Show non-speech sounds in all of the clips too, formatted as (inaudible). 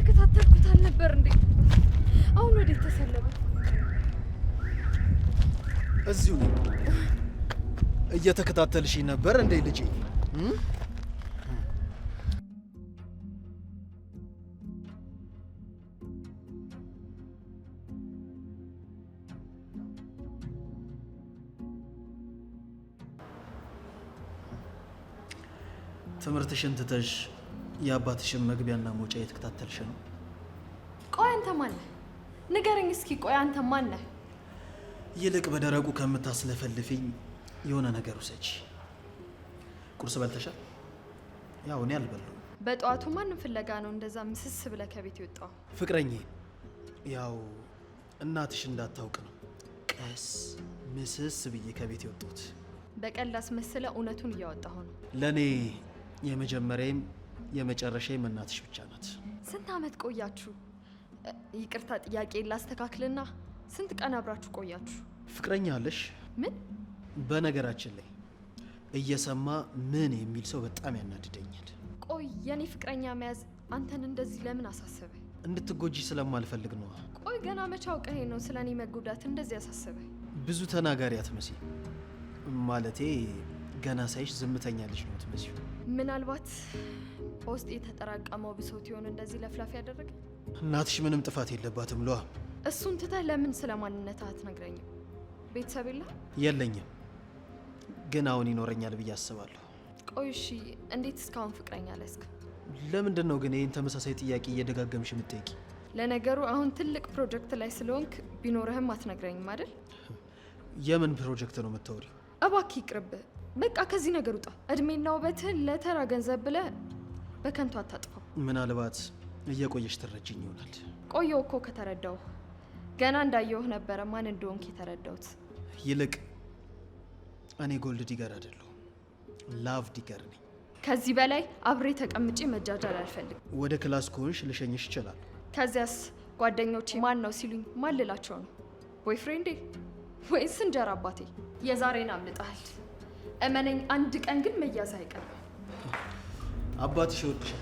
እየተከታተልኩት አልነበር እንዴ? አሁን ወደ ተሰለበ። እዚሁ ነው እየተከታተልሽ ነበር እንዴ ልጄ? ትምህርትሽን ትተሽ የአባትሽን መግቢያና መውጫ እየተከታተልሽ ነው። ቆይ አንተ ማን ነህ? ንገረኝ እስኪ። ቆይ አንተ ማን ነህ? ይልቅ በደረቁ ከምታስለፈልፊኝ የሆነ ነገር ውሰጂ። ቁርስ በልተሻል? ያው እኔ አልበላሁም። በጠዋቱ ማንም ፍለጋ ነው እንደዛ ምስስ ብለህ ከቤት የወጣው? ፍቅረኝ ያው እናትሽ እንዳታውቅ ነው ቀስ ምስስ ብዬ ከቤት የወጡት። በቀላስ መስለ እውነቱን እያወጣሁ ነው። ለእኔ የመጀመሪያም የመጨረሻ የመናትሽ ብቻ ናት። ስንት አመት ቆያችሁ? ይቅርታ ጥያቄ ላስተካክልና ስንት ቀን አብራችሁ ቆያችሁ? ፍቅረኛ አለሽ? ምን? በነገራችን ላይ እየሰማ ምን የሚል ሰው በጣም ያናድደኛል። ቆይ የኔ ፍቅረኛ መያዝ አንተን እንደዚህ ለምን አሳሰበ? እንድትጎጂ ስለማልፈልግ ነው። ቆይ ገና መቼ አውቀህ ነው ስለ እኔ መጎዳት እንደዚህ ያሳሰበ? ብዙ ተናጋሪ አትመስይ። ማለቴ ገና ሳይሽ ዝምተኛ ልጅ ነው ትመሲ። ምናልባት በውስጥ የተጠራቀመው ብሶት ይሆን እንደዚህ ለፍላፊ ያደረገ? እናትሽ ምንም ጥፋት የለባትም ሏ። እሱን ትተህ ለምን ስለ ማንነት አትነግረኝም? ቤተሰብ የለ? የለኝም፣ ግን አሁን ይኖረኛል ብዬ አስባለሁ። ቆይ እሺ፣ እንዴት እስካሁን ፍቅረኛ አልያዝክ? ለምንድን ነው ግን ይህን ተመሳሳይ ጥያቄ እየደጋገምሽ የምትጠይቂ? ለነገሩ አሁን ትልቅ ፕሮጀክት ላይ ስለሆንክ ቢኖርህም አትነግረኝም አይደል? የምን ፕሮጀክት ነው የምታወሪው? እባክህ ይቅርብ። በቃ ከዚህ ነገር ውጣ። እድሜና ውበትህን ለተራ ገንዘብ ብለህ በከንቱ አታጥፋው። ምናልባት እየቆየሽ ትረጅኝ ይሆናል። ቆየው እኮ ከተረዳው ገና እንዳየውህ ነበረ ማን እንደሆንክ የተረዳሁት። ይልቅ እኔ ጎልድ ዲገር አይደለሁም ላቭ ዲገር ነኝ። ከዚህ በላይ አብሬ ተቀምጬ መጃጃል አልፈልግም። ወደ ክላስ ከሆንሽ ልሸኝሽ ይችላል። ከዚያስ ጓደኞቼ ማን ነው ሲሉኝ ማን ልላቸው ነው? ቦይፍሬንዴ ወይስ እንጀራ አባቴ? የዛሬን አምልጠሃል። እመነኝ፣ አንድ ቀን ግን መያዝ አይቀርም። አባትሽ ይወድሻል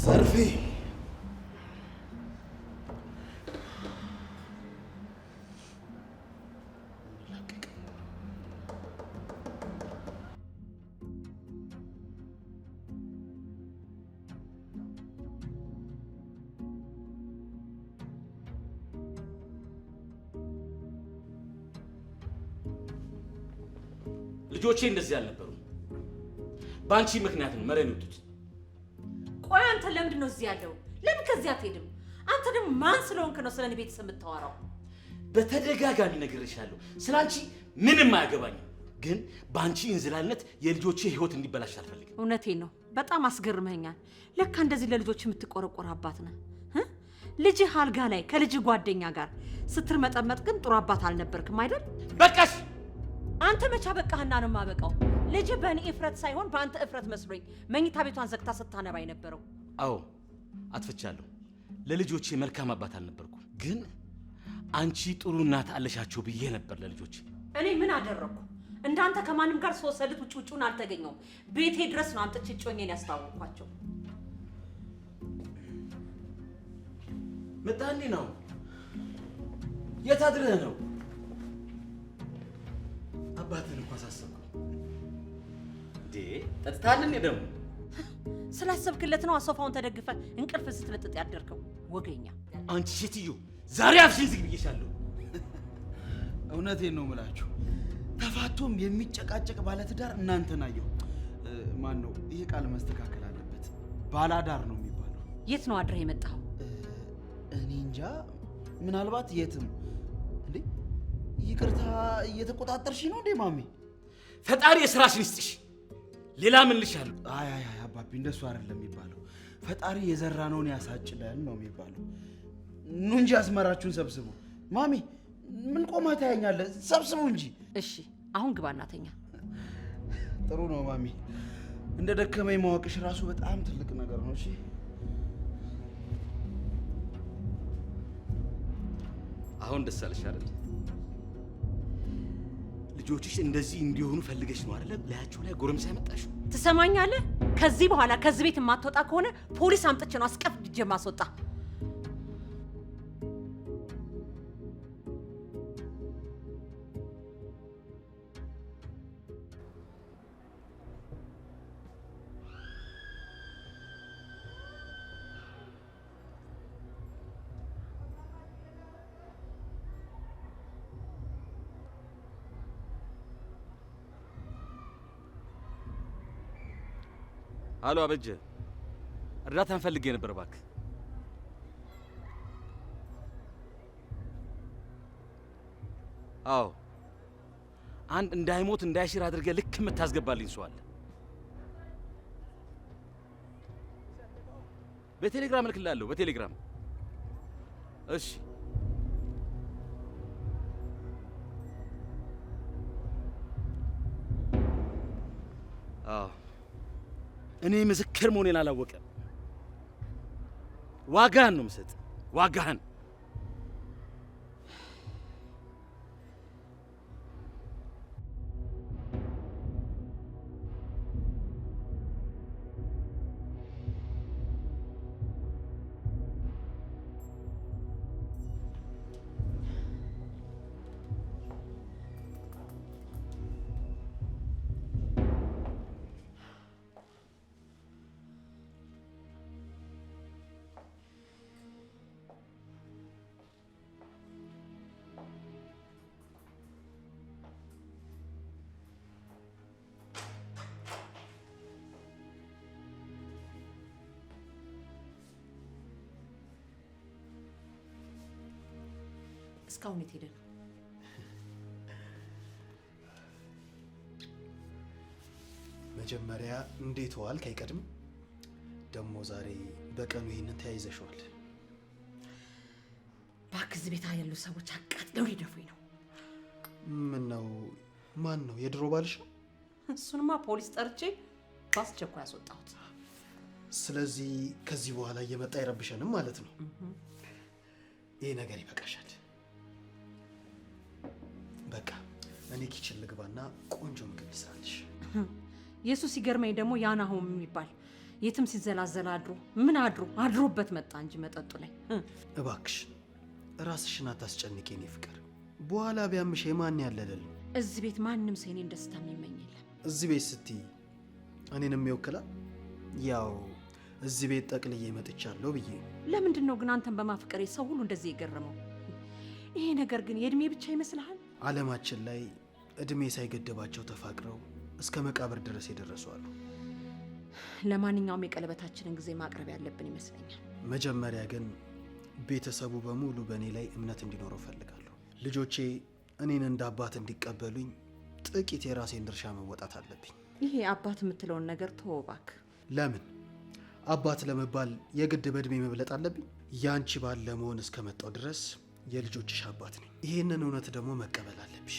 ዘርፌ ልጆቼ እንደዚህ አልነበሩም። በአንቺ ምክንያት ነው መሬን ይወጡት። ቆይ አንተ ለምንድን ነው እዚህ ያለው? ለምን ከዚህ አትሄድም? አንተ ደግሞ ማን ስለሆንክ ነው ስለ እኔ ቤተሰብ የምታወራው? በተደጋጋሚ ነግሬሻለሁ፣ ስለ አንቺ ምንም አያገባኝም። ግን በአንቺ እንዝላልነት የልጆቼ ህይወት እንዲበላሽ አልፈልግም። እውነቴን ነው። በጣም አስገርመኛል። ለካ እንደዚህ ለልጆች የምትቆረቆር አባት ነህ። ልጅህ አልጋ ላይ ከልጅህ ጓደኛ ጋር ስትርመጠመጥ ግን ጥሩ አባት አልነበርክም አይደል? በቃሽ አንተ መቻ በቃህና ነው የማበቃው። ልጅ በእኔ እፍረት ሳይሆን በአንተ እፍረት መስሎኝ መኝታ ቤቷን ዘግታ ስታነባ የነበረው። አዎ አጥፍቻለሁ። ለልጆቼ መልካም አባት አልነበርኩም። ግን አንቺ ጥሩ እናት አለሻቸው ብዬ ነበር ለልጆቼ። እኔ ምን አደረግኩ? እንዳንተ ከማንም ጋር ስወሰድት ውጭ ውጭውን አልተገኘውም። ቤቴ ድረስ ነው አንተ ችጮኝን ያስታወቅኳቸው። መጣኔ ነው? የታድረህ ነው? አባትህን እኮ አሳሰብኩ። እንዴ ጠጥታል ደግሞ ስላሰብክለት ነው ሶፋውን ተደግፈ እንቅልፍ ስትለጥጥ ያደርከው ወገኛ። አንቺ ሴትዮ ዛሬ አፍሽን ዝግ ብዬሻለሁ። እውነቴን ነው ምላችሁ፣ ተፋቶም የሚጨቃጨቅ ባለትዳር እናንተን አየሁ። ማን ነው ይሄ? ቃል መስተካከል አለበት። ባላዳር ነው የሚባለው። የት ነው አድረህ የመጣው እኔ እንጃ፣ ምናልባት የትም ይቅርታ እየተቆጣጠርሽ ነው እንዴ ማሚ? ፈጣሪ የስራሽን ይስጥሽ። ሌላ ምን ልሻል? አይ አይ አይ አባቢ እንደሱ አይደለም የሚባለው። ፈጣሪ የዘራነውን ያሳጭለን ነው የሚባለው። ኑ እንጂ አስመራችሁን ሰብስቡ። ማሚ ምን ቆማ ታያኛለ? ሰብስቡ እንጂ። እሺ አሁን ግባ እናተኛ። ጥሩ ነው ማሚ። እንደ ደከመኝ ማወቅሽ ራሱ በጣም ትልቅ ነገር ነው። እሺ አሁን ደስ አለሽ አይደል? ልጆችሽ እንደዚህ እንዲሆኑ ፈልገሽ ነው አይደለ? ላያቸው ላይ ጎረምሳ ያመጣሽው። ትሰማኛለህ? ከዚህ በኋላ ከዚህ ቤት የማትወጣ ከሆነ ፖሊስ አምጥቼ ነው አስቀፍ አስቀፍድጄ ማስወጣ አሎ አበጀ፣ እርዳታ ፈልጌ የነበር ባክ። አዎ አንድ እንዳይሞት እንዳይሽር አድርገ ልክ የምታስገባልኝ ሰው አለ። በቴሌግራም እልክልሃለሁ። በቴሌግራም እሺ። እኔ ምስክር መሆኔን አላወቀም። ዋጋህን ነው የምሰጥ፣ ዋጋህን እስካሁን የት ሄደ ነው? መጀመሪያ እንዴት ዋልክ? አይቀድም ደግሞ ዛሬ በቀኑ ይህንን ተያይዘሸዋል። ባክዝ ቤታ ያሉ ሰዎች አቃጥለው ሊደፉኝ ነው። ምን ነው? ማን ነው? የድሮ ባልሽ እሱንማ ፖሊስ ጠርቼ በአስቸኳይ ያስወጣሁት። ስለዚህ ከዚህ በኋላ እየመጣ አይረብሸንም ማለት ነው። ይህ ነገር ይበቃሻል። እኔ ኪችን ልግባና ቆንጆ ምግብ ልስራልሽ። (laughs) የእሱ ሲገርመኝ ደግሞ ያናሆም የሚባል የትም ሲዘላዘል አድሮ ምን አድሮ አድሮበት መጣ እንጂ መጠጡ ላይ። (laughs) እባክሽ ራስሽን አታስጨንቂ የኔ ፍቅር። በኋላ ቢያምሽ ማን ያለልል። እዚህ ቤት ማንም ሰው የኔን ደስታ የሚመኝ የለም። እዚህ ቤት ስትይ እኔንም ይወክላል። ያው እዚህ ቤት ጠቅልዬ መጥቻለሁ ብዬ። ለምንድን ነው ግን አንተን በማፍቀሬ ሰው ሁሉ እንደዚህ የገረመው? ይሄ ነገር ግን የእድሜ ብቻ ይመስልሃል? ዓለማችን ላይ እድሜ ሳይገደባቸው ተፋቅረው እስከ መቃብር ድረስ የደረሱ አሉ። ለማንኛውም የቀለበታችንን ጊዜ ማቅረብ ያለብን ይመስለኛል። መጀመሪያ ግን ቤተሰቡ በሙሉ በእኔ ላይ እምነት እንዲኖረው ፈልጋለሁ። ልጆቼ እኔን እንደ አባት እንዲቀበሉኝ ጥቂት የራሴን ድርሻ መወጣት አለብኝ። ይሄ አባት የምትለውን ነገር ተወው እባክህ። ለምን አባት ለመባል የግድ በእድሜ መብለጥ አለብኝ? ያንቺ ባል ለመሆን እስከመጣው ድረስ የልጆችሽ አባት ነኝ። ይህንን እውነት ደግሞ መቀበል አለብሽ።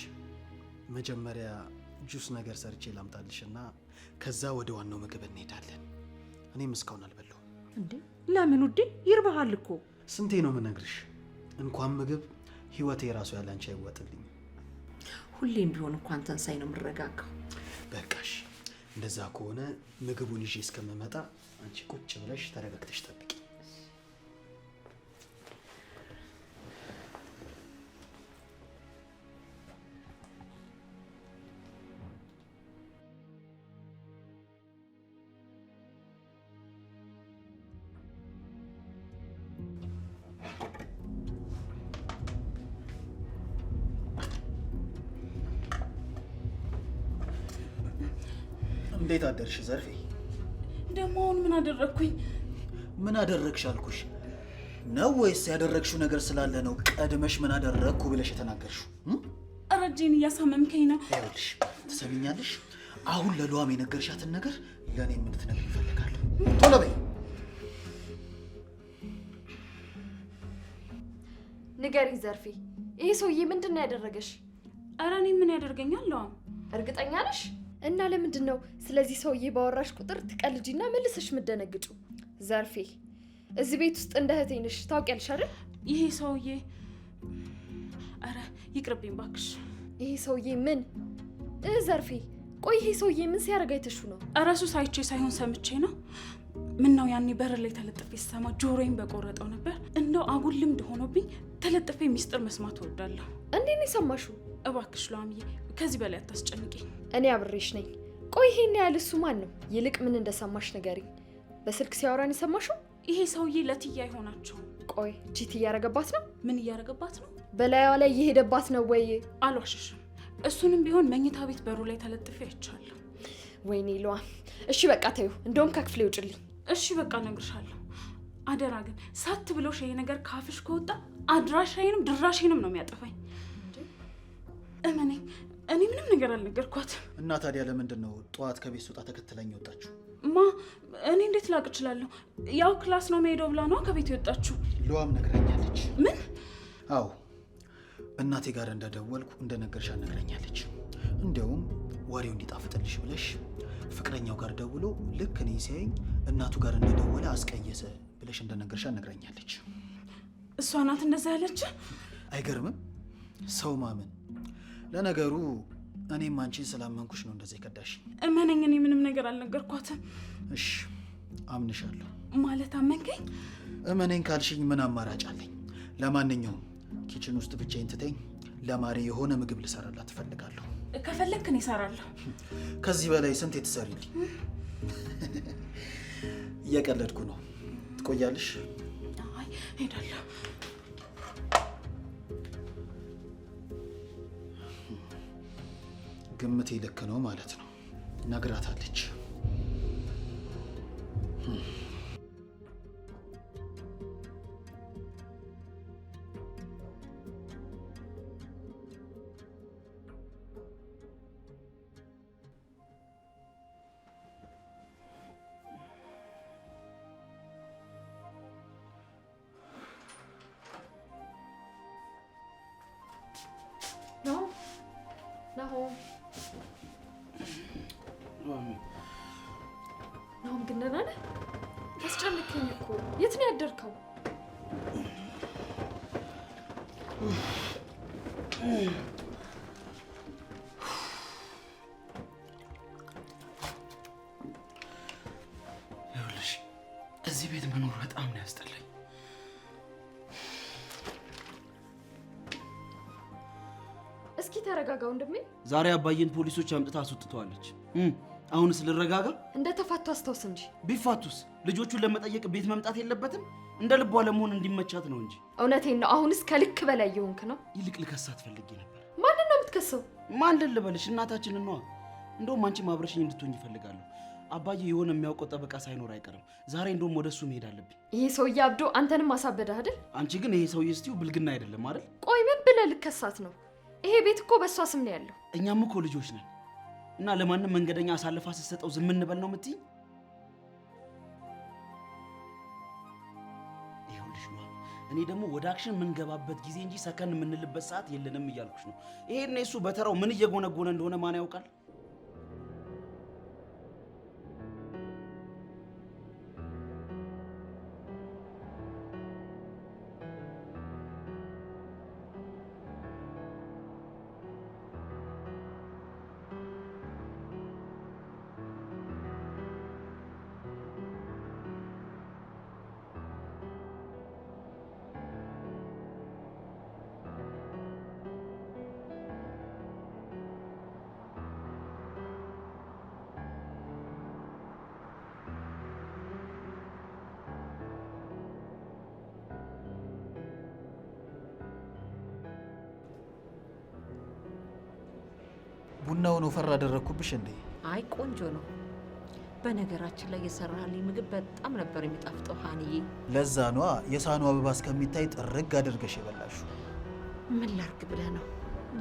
መጀመሪያ ጁስ ነገር ሰርቼ እና ከዛ ወደ ዋናው ምግብ እንሄዳለን። እኔም እስካሁን አልበላሁም። እንዴ ለምን ውዴ? ይርባሃል እኮ ስንቴ ነው ምነግርሽ? እንኳን ምግብ ህይወቴ የራሱ ያለ አንቺ አይወጥልኝ። ሁሌም ቢሆን እንኳን ተንሳይ ነው የምረጋጋው። በቃሽ። እንደዛ ከሆነ ምግቡን ይዤ እስከምመጣ አንቺ ቁጭ ብለሽ ተረጋግተሽ ጠብቂ። እሺ ዘርፌ፣ ደግሞ አሁን ምን አደረግኩኝ? ምን አደረግሽ አልኩሽ ነው ወይስ ያደረግሽው ነገር ስላለ ነው ቀድመሽ ምን አደረግኩ ብለሽ የተናገርሽው? ረጄን እያሳመምከኝ ነው። ይኸውልሽ፣ ትሰሚኛለሽ? አሁን ለሉዋም የነገርሻትን ነገር ለእኔ የምትነግር ይፈልጋሉ። ቶሎ በይ። ንገሪ ዘርፌ፣ ይህ ሰውዬ ምንድን ነው ያደረገሽ? ኧረ እኔ ምን ያደርገኛል? ለዋም እርግጠኛ ነሽ? እና ለምንድን ነው ስለዚህ ሰውዬ ባወራሽ ቁጥር ትቀልጂና መልሰሽ ምደነግጩ? ዘርፌ እዚህ ቤት ውስጥ እንደ እህቴ ነሽ ታውቂያለሽ አይደል? ይሄ ሰውዬ ኧረ ይቅርብኝ ባክሽ። ይሄ ሰውዬ ምን እ ዘርፌ ቆይ ይሄ ሰውዬ ምን ሲያደርግ አይተሹ ነው? እረሱ ሳይቼ ሳይሆን ሰምቼ ነው። ምን ነው ያኔ በር ላይ ተለጥፌ ስሰማ ጆሮዬን በቆረጠው ነበር። እንደው አጉል ልምድ ሆኖብኝ ተለጥፌ ሚስጥር መስማት እወዳለሁ። እንዴት ነው የሰማሽው? እባክሽ ሉሃምዬ ከዚህ በላይ አታስጨንቂኝ። እኔ አብሬሽ ነኝ። ቆይ ይሄን ያህል እሱ ማን ነው? ይልቅ ምን እንደሰማሽ ንገሪኝ። በስልክ ሲያወራን የሰማሽው? ይሄ ሰውዬ ለትያ አይሆናቸው ቆይ ቺት እያረገባት ነው? ምን እያረገባት ነው? በላያዋ ላይ እየሄደባት ነው ወይ? አልዋሸሽም። እሱንም ቢሆን መኝታ ቤት በሩ ላይ ተለጥፌ አይቻለሁ። ወይኔ ሉሃ፣ እሺ በቃ ተይው። እንደውም ከክፍሌ ውጭልኝ። እሺ በቃ እነግርሻለሁ። አደራ ግን ሳት ብሎሽ ይሄ ነገር ካፍሽ ከወጣ አድራሻዬንም ድራሽንም ነው የሚያጠፋኝ። እመኔ፣ እኔ ምንም ነገር አልነገርኳት። እና ታዲያ ለምንድን ነው ጠዋት ከቤት ስወጣ ተከትለኝ ወጣችሁ? ማ እኔ እንዴት ላቅ እችላለሁ? ያው ክላስ ነው መሄደው ብላ ነዋ ከቤት የወጣችሁ። ለዋም ነግረኛለች። ምን? አዎ እናቴ ጋር እንደደወልኩ እንደነገርሽ አነግረኛለች። እንዲያውም ወሬው እንዲጣፍጥልሽ ብለሽ ፍቅረኛው ጋር ደውሎ ልክ እኔ ሲያይኝ እናቱ ጋር እንደደወለ አስቀየሰ ብለሽ እንደነገርሽ አነግረኛለች። እሷ ናት እንደዛ ያለች። አይገርምም? ሰው ማመን ለነገሩ እኔም አንቺን ስላመንኩሽ ነው እንደዚህ ከዳሽ። እመነኝ፣ እኔ ምንም ነገር አልነገርኳትም። እሺ አምንሻለሁ ማለት አመንከኝ? እመነኝ ካልሽኝ ምን አማራጭ አለኝ? ለማንኛውም ኪችን ውስጥ ብቻዬን ትተኝ፣ ለማሪ የሆነ ምግብ ልሰራላት እፈልጋለሁ። ከፈለክ እኔ እሰራለሁ። ከዚህ በላይ ስንት ትሰሪልኝ? እየቀለድኩ ነው። ትቆያለሽ? አይ ሄዳለሁ። ግምቴ ልክ ነው ማለት ነው። ነግራታለች። ይኸውልሽ እዚህ ቤት መኖር በጣም ነው ያስጠላኝ። እስኪ ተረጋጋው ወንድሜ። ዛሬ አባዬን ፖሊሶች አምጥታ አስወጥተዋለች። አሁንስ ልረጋጋ? እንደተፋቱ አስታውስ እንጂ። ቢፋቱስ ልጆቹን ለመጠየቅ ቤት መምጣት የለበትም? እንደ ልቧ ለመሆን እንዲመቻት ነው እንጂ። እውነቴን ነው። አሁንስ ከልክ በላይ የሆንክ ነው። ይልቅ ልከሳት ፈልጌ ነበር። ማንን ነው የምትከሰው? ማን ልበልሽ? እናታችን ነዋ። እንደውም አንቺ አብረሽኝ እንድትሆኝ ይፈልጋለሁ። አባዬ የሆነ የሚያውቀው ጠበቃ ሳይኖር አይቀርም። ዛሬ እንደውም ወደ እሱ መሄድ አለብኝ። ይሄ ሰውዬ አብዶ አንተንም አሳበደህ አይደል? አንቺ ግን ይሄ ሰውዬ እስቲው ብልግና አይደለም አይደል? ቆይ ምን ብለህ ልከሳት ነው? ይሄ ቤት እኮ በእሷ ስም ነው ያለው። እኛም እኮ ልጆች ነን እና ለማንም መንገደኛ አሳልፋ ስትሰጠው ዝም እንበል ነው የምትይኝ? እኔ ደግሞ ወደ አክሽን የምንገባበት ጊዜ እንጂ ሰከን የምንልበት ሰዓት የለንም እያልኩሽ ነው። ይሄን እሱ በተራው ምን እየጎነጎነ እንደሆነ ማን ያውቃል? ቡናውን ወፈር አደረግኩብሽ እንዴ? አይ ቆንጆ ነው። በነገራችን ላይ የሰራልኝ ምግብ በጣም ነበር የሚጣፍጠው ሀንዬ። ለዛ ኗ የሳኑ አበባ እስከሚታይ ጥርግ አድርገሽ የበላሹ። ምን ላርግ ብለህ ነው?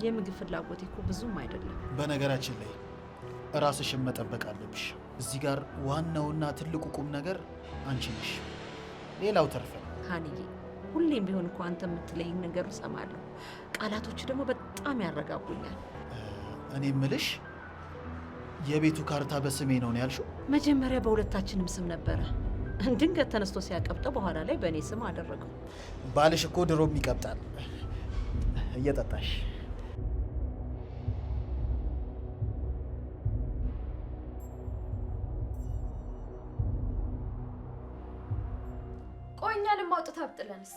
የምግብ ፍላጎቴ እኮ ብዙም አይደለም። በነገራችን ላይ ራስሽን መጠበቅ አለብሽ። እዚህ ጋር ዋናውና ትልቁ ቁም ነገር አንቺ ነሽ፣ ሌላው ተርፈ። ሀንዬ ሁሌም ቢሆን እኮ አንተ የምትለይን ነገር እሰማለሁ። ቃላቶች ደግሞ በጣም ያረጋጉኛል። እኔ ምልሽ የቤቱ ካርታ በስሜ ነው ያልሽው? መጀመሪያ በሁለታችንም ስም ነበረ። ድንገት ተነስቶ ሲያቀብጠው በኋላ ላይ በእኔ ስም አደረገው። ባልሽ እኮ ድሮም ይቀብጣል። እየጠጣሽ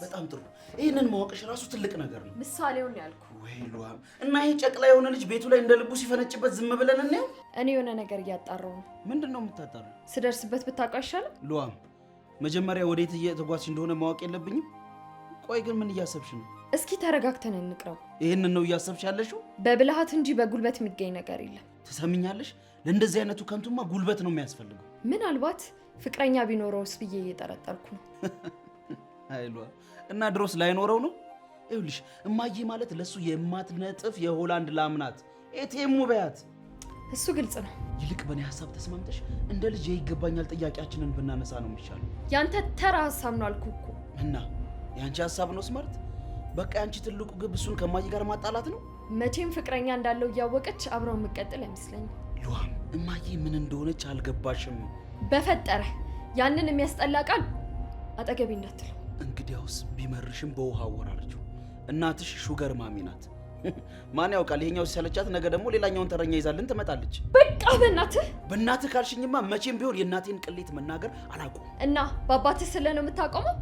በጣም ጥሩ። ይህንን ማወቅሽ ራሱ ትልቅ ነገር ነው። ምሳሌውን ያልኩ ወይ ሉሃም እና ይሄ ጨቅላ የሆነ ልጅ ቤቱ ላይ እንደ ልቡ ሲፈነጭበት ዝም ብለን እናየው። እኔ የሆነ ነገር እያጣራው ነው። ምንድን ነው ስደርስበት ብታውቀው አይሻልም? ሉሃም መጀመሪያ ወዴት እየተጓዝሽ እንደሆነ ማወቅ የለብኝም? ቆይ ግን ምን እያሰብሽ ነው? እስኪ ተረጋግተን እንቅረው። ይህንን ነው እያሰብሽ ያለሽው? በብልሃት እንጂ በጉልበት የሚገኝ ነገር የለም። ትሰምኛለሽ? ለእንደዚህ አይነቱ ከንቱማ ጉልበት ነው የሚያስፈልገው። ምናልባት ፍቅረኛ ቢኖረውስ ብዬ እየጠረጠርኩ ነው። (laughs) ኃይሏ እና ድሮስ ላይኖረው ነው። ይኸውልሽ እማዬ ማለት ለእሱ የማትነጥፍ የሆላንድ ላም ናት። ኤቴሙ በያት። እሱ ግልጽ ነው። ይልቅ በእኔ ሀሳብ ተስማምተሽ እንደ ልጅ ይገባኛል ጥያቄያችንን ብናነሳ ነው የሚሻል። ያንተ ተራ ሀሳብ ነው አልኩ እኮ። እና የአንቺ ሀሳብ ነው ስማርት። በቃ የአንቺ ትልቁ ግብ እሱን ከማዬ ጋር ማጣላት ነው። መቼም ፍቅረኛ እንዳለው እያወቀች አብረው የምቀጥል አይመስለኝም። ሉሃም እማዬ ምን እንደሆነች አልገባሽም። በፈጠረ ያንን የሚያስጠላ ቃል አጠገቤ እንዳትለው እንግዲያውስ ቢመርሽም በውሃ አወራረችው። እናትሽ ሹገር ማሚ ናት። (laughs) ማን ያውቃል? ይሄኛው ሲሰለቻት ነገ ደግሞ ሌላኛውን ተረኛ ይዛልን ትመጣለች። በቃ በእናትህ በእናትህ ካልሽኝማ መቼም ቢሆን የእናቴን ቅሌት መናገር አላቆም እና በአባትህ ስለ ነው የምታቆመው?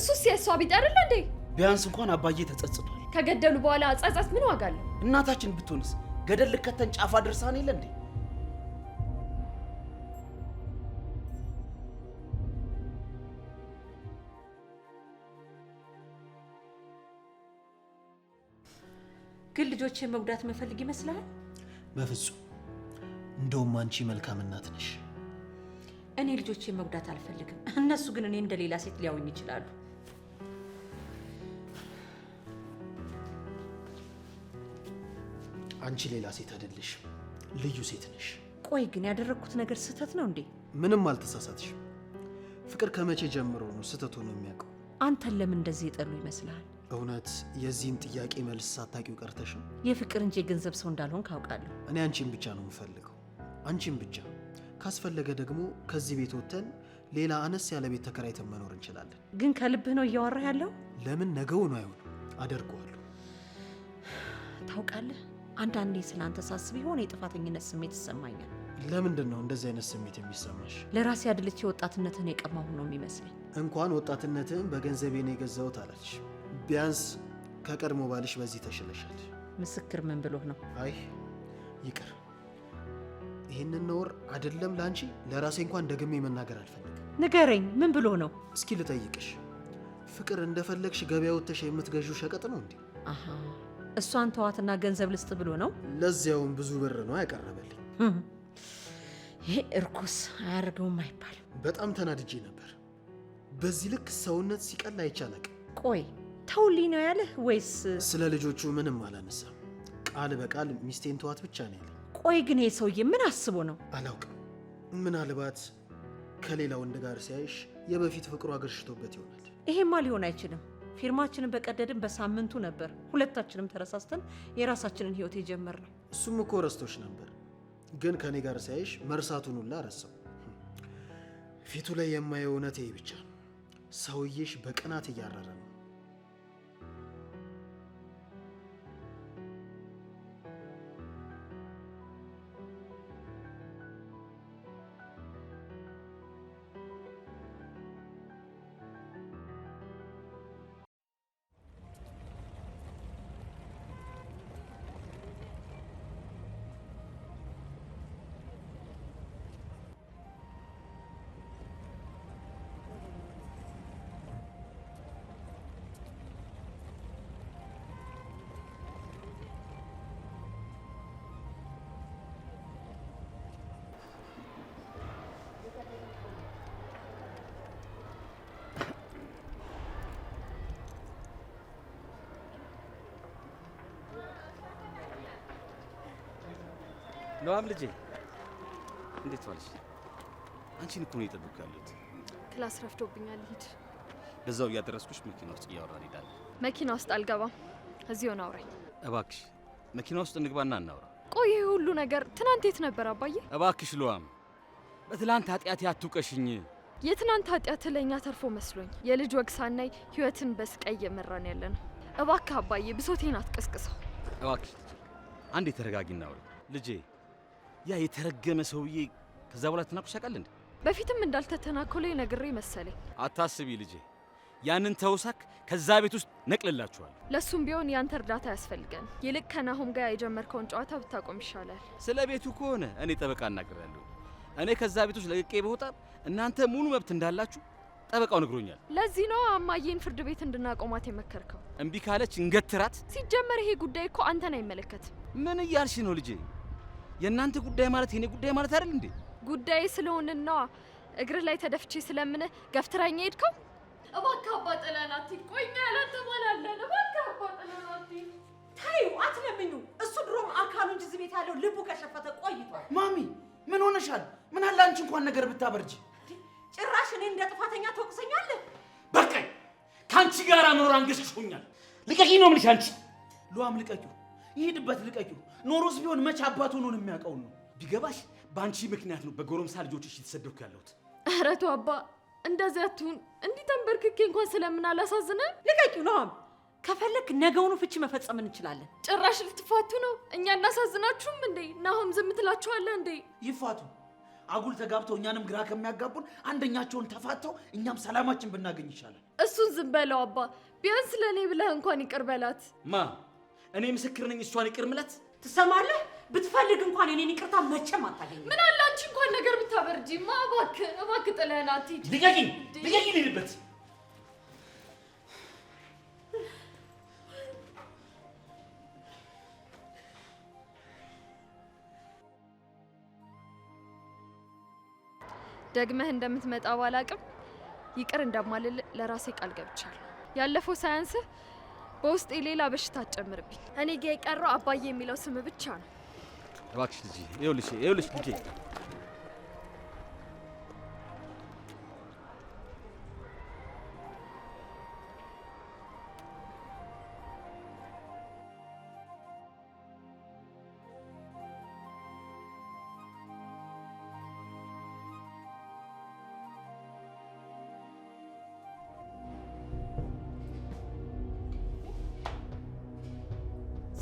እሱስ የእሷ ቢጤ አይደለ እንዴ? ቢያንስ እንኳን አባዬ ተጸጽቷል። ከገደሉ በኋላ ጸጸት ምን ዋጋ አለው? እናታችን ብትሆንስ ገደል ልከተን ጫፍ አድርሳን የለ እንዴ? ግን ልጆችን መጉዳት መፈልግ ይመስላል? በፍጹም እንደውም አንቺ መልካም እናት ነሽ። እኔ ልጆቼ መጉዳት አልፈልግም። እነሱ ግን እኔ እንደ ሌላ ሴት ሊያውኝ ይችላሉ። አንቺ ሌላ ሴት አይደለሽም፣ ልዩ ሴት ነሽ። ቆይ ግን ያደረግኩት ነገር ስህተት ነው እንዴ? ምንም አልተሳሳትሽም። ፍቅር ከመቼ ጀምሮ ነው ስህተቱን ሆኖ የሚያውቀው? አንተን ለምን እንደዚህ የጠሉ ይመስልሃል? እውነት የዚህን ጥያቄ መልስ ሳታውቂው ቀርተሽ ነው? የፍቅር እንጂ የገንዘብ ሰው እንዳልሆን ካውቃለሁ። እኔ አንቺን ብቻ ነው የምፈልገው፣ አንቺን ብቻ። ካስፈለገ ደግሞ ከዚህ ቤት ወጥተን ሌላ አነስ ያለ ቤት ተከራይተን መኖር እንችላለን። ግን ከልብህ ነው እያወራህ ያለው? ለምን ነገው ነው አይሆን አደርገዋለሁ። ታውቃለህ፣ አንዳንዴ ስለ አንተ ሳስብ የሆነ የጥፋተኝነት ስሜት ይሰማኛል። ለምንድን ነው እንደዚህ አይነት ስሜት የሚሰማሽ? ለራሴ አድልቼ ወጣትነትህን የቀማሁ ነው የሚመስለኝ። እንኳን ወጣትነትህን በገንዘቤ ነው የገዛሁት አለች። ቢያንስ ከቀድሞ ባልሽ በዚህ ተሽለሻል። ምስክር ምን ብሎ ነው? አይ ይቅር፣ ይህንን ነውር አይደለም ለአንቺ ለራሴ እንኳን ደግሜ መናገር አልፈልግም። ንገረኝ፣ ምን ብሎ ነው? እስኪ ልጠይቅሽ፣ ፍቅር እንደፈለግሽ ገበያ ወጥተሽ የምትገዢው ሸቀጥ ነው እንዴ? እሷን ተዋትና ገንዘብ ልስጥ ብሎ ነው? ለዚያውም ብዙ ብር ነው ያቀረበልኝ። ይሄ እርኩስ አያደርገውም አይባልም። በጣም ተናድጄ ነበር። በዚህ ልክ ሰውነት ሲቀል አይቻለቅ። ቆይ ተውልኝ ነው ያለህ ወይስ? ስለ ልጆቹ ምንም አላነሳም። ቃል በቃል ሚስቴን ተዋት ብቻ ነው ያለኝ። ቆይ ግን የሰውዬ ሰውዬ ምን አስቦ ነው? አላውቅም። ምናልባት ከሌላ ወንድ ጋር ሲያይሽ የበፊት ፍቅሩ አገርሽቶበት ይሆናል። ይሄማ ሊሆን አይችልም። ፊርማችንን በቀደድን በሳምንቱ ነበር ሁለታችንም ተረሳስተን የራሳችንን ህይወት የጀመርነው። እሱም እኮ ረስቶች ነበር፣ ግን ከኔ ጋር ሲያይሽ መርሳቱን ሁላ ረሳው። ፊቱ ላይ የማየው እውነት ይሄ ብቻ ነው። ሰውዬሽ በቅናት እያረረ ነው። ነዋም ልጄ እንዴት ዋልሽ? አንቺን እኮ ነው የጠበቅኩ ያለሁት። ክላስ ረፍዶብኛል፣ ሂድ። በዛው እያደረስኩሽ መኪና ውስጥ እያወራን እንሄዳለን። መኪና ውስጥ አልገባም፣ እዚሁ ነው። አውራኝ እባክሽ። መኪና ውስጥ እንግባና እናውራ። ቆይ ይህ ሁሉ ነገር ትናንት የት ነበር አባዬ? እባክሽ ሉዋም፣ በትላንት ኃጢአቴ ያትውቀሽኝ። የትናንት ኃጢአት ለእኛ ተርፎ መስሎኝ የልጅ ወግ ሳናይ ህይወትን በስቃይ እየመራን ያለ ነው። እባክህ አባዬ፣ ብሶቴን አትቀስቅሰው። እባክሽ አንዴ ተረጋጊ፣ እናውራ ልጄ ያ የተረገመ ሰውዬ ከዛ በኋላ ተናኩሽ ያውቃል እንዴ? በፊትም እንዳልተተናኮለ ነግሬ መሰለኝ። አታስቢ ልጄ፣ ያንን ተውሳክ ከዛ ቤት ውስጥ ነቅልላችኋል። ለሱም ቢሆን ያንተ እርዳታ ያስፈልገን። ይልቅ ከናሆም ጋር የጀመርከውን ጨዋታ ብታቆም ይሻላል። ስለ ቤቱ ከሆነ እኔ ጠበቃ እናገራለሁ። እኔ ከዛ ቤት ውስጥ ለቅቄ በወጣ እናንተ ሙሉ መብት እንዳላችሁ ጠበቃው ነግሮኛል። ለዚህ ነው አማዬን ፍርድ ቤት እንድናቆማት የመከርከው። እምቢ ካለች እንገትራት። ሲጀመር ይሄ ጉዳይ እኮ አንተን አይመለከትም። ምን እያልሽ ነው ልጄ? የእናንተ ጉዳይ ማለት የኔ ጉዳይ ማለት አይደል እንዴ? ጉዳይ ስለሆንን ነዋ። እግር ላይ ተደፍቼ ስለምን ገፍትራኛ ሄድከው? እባክህ አባ ጥላን አትሂድ። ቆይ እኛ ያላጥማላለን። እባክህ አባ ጥላን አትሂድ። ተይው፣ አትለምኙ። እሱ ድሮም አካሉ እንጂ እዚህ ቤት ያለው ልቡ ከሸፈተ ቆይቷል። ማሚ ምን ሆነሻል? ምን አለ አንቺ እንኳን ነገር ብታበርጂ። ጭራሽ እኔ እንደ ጥፋተኛ ተወቅሰኛለህ። በቃኝ። ከአንቺ ጋር መኖር አንገሸሽኛል። ልቀቂ ነው የምልሽ አንቺ ሉዋም ልቀቂው ይሄድበት፣ ልቀቂው። ኖሮስ ቢሆን መቼ አባቱ ሆኖ ነው የሚያውቀውን ነው። ቢገባሽ በአንቺ ምክንያት ነው በጎረምሳ ልጆችሽ የተሰደብኩ ያለሁት። ኧረ ተው አባ፣ እንደዚያ አትሁን። እንዲህ ተንበርክኬ እንኳን ስለምን አላሳዝነን። ልቀቂው ነው። ከፈለክ ነገውኑ ፍቺ መፈጸም እንችላለን። ጭራሽ ልትፋቱ ነው? እኛ እናሳዝናችሁም እንዴ? ናሆም ዝም ትላችኋለህ እንዴ? ይፋቱ። አጉል ተጋብተው እኛንም ግራ ከሚያጋቡን አንደኛቸውን ተፋተው እኛም ሰላማችን ብናገኝ ይሻላል። እሱን ዝም በለው አባ። ቢያንስ ለእኔ ብለህ እንኳን ይቅር በላት ማ እኔ ምስክር ነኝ። እሷን ይቅር ምለት ትሰማለህ? ብትፈልግ እንኳን እኔን ይቅርታ መቼም አታገኝም። ምን አለ አንቺ እንኳን ነገር ብታበርጂማ። እባክህ እባክህ ጥለህን አትሂድ። ልቀቂ ልቀቂ ልልበት ደግመህ እንደምትመጣ ባላቅም ይቅር እንደማልል ለራሴ ቃል ገብቻለሁ። ያለፈው ሳያንስህ በውስጤ ሌላ በሽታ አትጨምርብኝ። እኔ ጋ የቀረው አባዬ የሚለው ስም ብቻ ነው። እባክሽ ልጄ፣ ይኸውልሽ፣ ይኸውልሽ ልጄ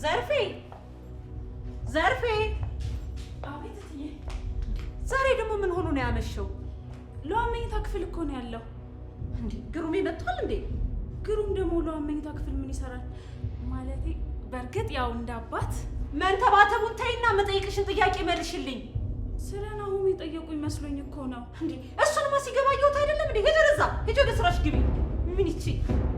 ዘርፌ ዘርፌ፣ አቤት እትዬ። ዛሬ ደግሞ ምን ሆኖ ነው ያመሸው? ለዋ መኝታ ክፍል እኮ ነው ያለው። እንዴ ግሩሜ መጥቷል እንዴ? ግሩም ደግሞ ለዋ መኝታ ክፍል ምን ይሰራል? ማለቴ በእርግጥ ያው እንደ አባት መንተባተቡን ተይና መጠየቅሽን ጥያቄ መልሽልኝ። ስለ ናሆም የጠየቁ ይመስሎኝ እኮ ነው። እንዴ እሱንማ ሲገባ እየወት አይደለም እንዴ? ሂጅ፣ ወደ ስራሽ ግቢ። ምን ይቺ